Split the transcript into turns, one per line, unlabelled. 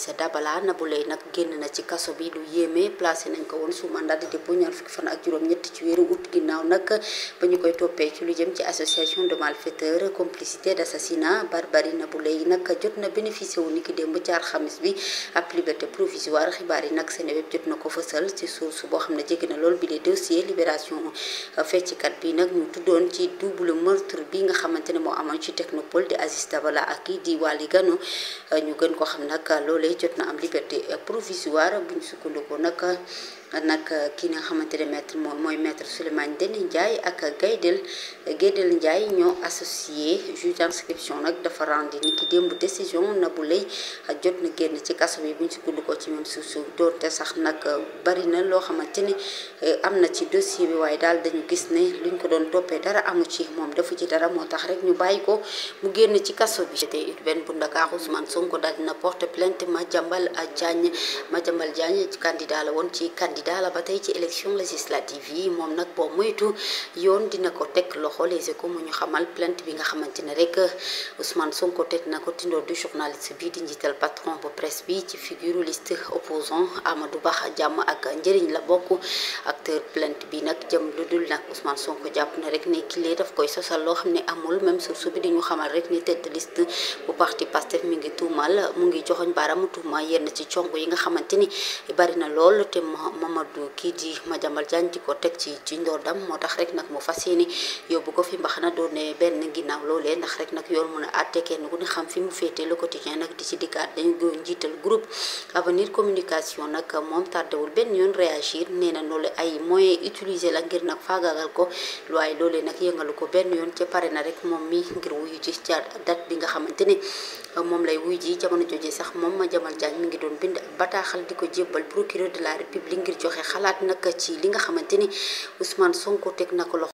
Idrissa Dabala Nabou Leye nag génn na ci kaso bi lu yéeme placé nañ ko woon sous mandat de dépôt ñaar fukki fan ak juróom-ñett ci weeru août ginnaaw nag ba ñu koy toppee ci lu jëm ci association de malfaiteurs complicité d'assassinat barbarie Nabou Leye nag jot na bénéficié wu ni ki démb ci alxamis bi ab liberté provisoire xibaar yi nag Seneweb jot na ko fësal ci source boo xam ne jege na lool bi les dossiers libération feccikat bi nag ñu tuddoon ci double meurtre ne moo amoon ci technopole di Aziz Dabala ak kii di Waly Gano ñu gën ko xam boobee jot na am liberté provisoire bu ñu sukkandikoo nag nag ki nga xamante ne maître mooy maître Souleymane Ndéné Ndiaye ak Gaydel Gaydel Ndiaye ñoo associé juge d'instruction nag dafa rendi ni ki démb décision Nabou Leye jot na génn ci kaso bi bu ñu sukkandikoo ci même suuf suuf te sax nag bari na loo xamante ne eh, am na ci dossier bi waaye daal dañu gis ne luñ ko doon toppee dara amu ci moom defu ci dara moo tax rek ñu bàyyi ko mu génn ci kaso bi. te benn Madiambal Diagne Madiambal Diagne candidat la woon ci candidat la ba tey ci élection législative yi moom nag boo moytu yoon dina ko teg loxo Les Échos mu ñu xamal plainte bi nga xamante ne rek Ousmane Sonko teg na ko tindoor du journaliste bi di njiital patron bu presse bi ci figure liste opposant Amadou Ba jàmm ak njëriñ la bokk acteur plainte bi nag jëm lu dul nag Ousmane Sonko jàpp na rek ne kilee daf koy sosal loo xam ne amul même source bi di ñu xamal rek ni tête de bu parti Pastef mi ngi tuumal mu ngi joxoñ baaraam surtout yenn ci cong yi nga xamante ni bari na lool te Mamadou kii di Madiambal Diagne di ko teg ci ci dam moo tax rek nag mu fas yéene yóbbu ko fi mbax na doone benn ginnaaw loolee ndax rek nag yoon mën a àtte kenn ku ne fi mu féete le quotidien nag di ci dikkaat dañu ko njiital groupe avenir communication nag moom tardewul benn yoon réagir nee na loolu ay moyens utiliser la ngir nag faagaagal ko waaye loolee nag yëngalu ko benn yoon ca pare na rek moom mi ngir wuyu ci date bi nga xamante ni moom lay wuy ji jamono jooje sax moom Madiambal Diagne mi ngi doon bind bataaxal di ko jébbal procureur de la république ngir joxe xalaat nag ci li nga xamante ni Ousmane Sonko teg na ko loxo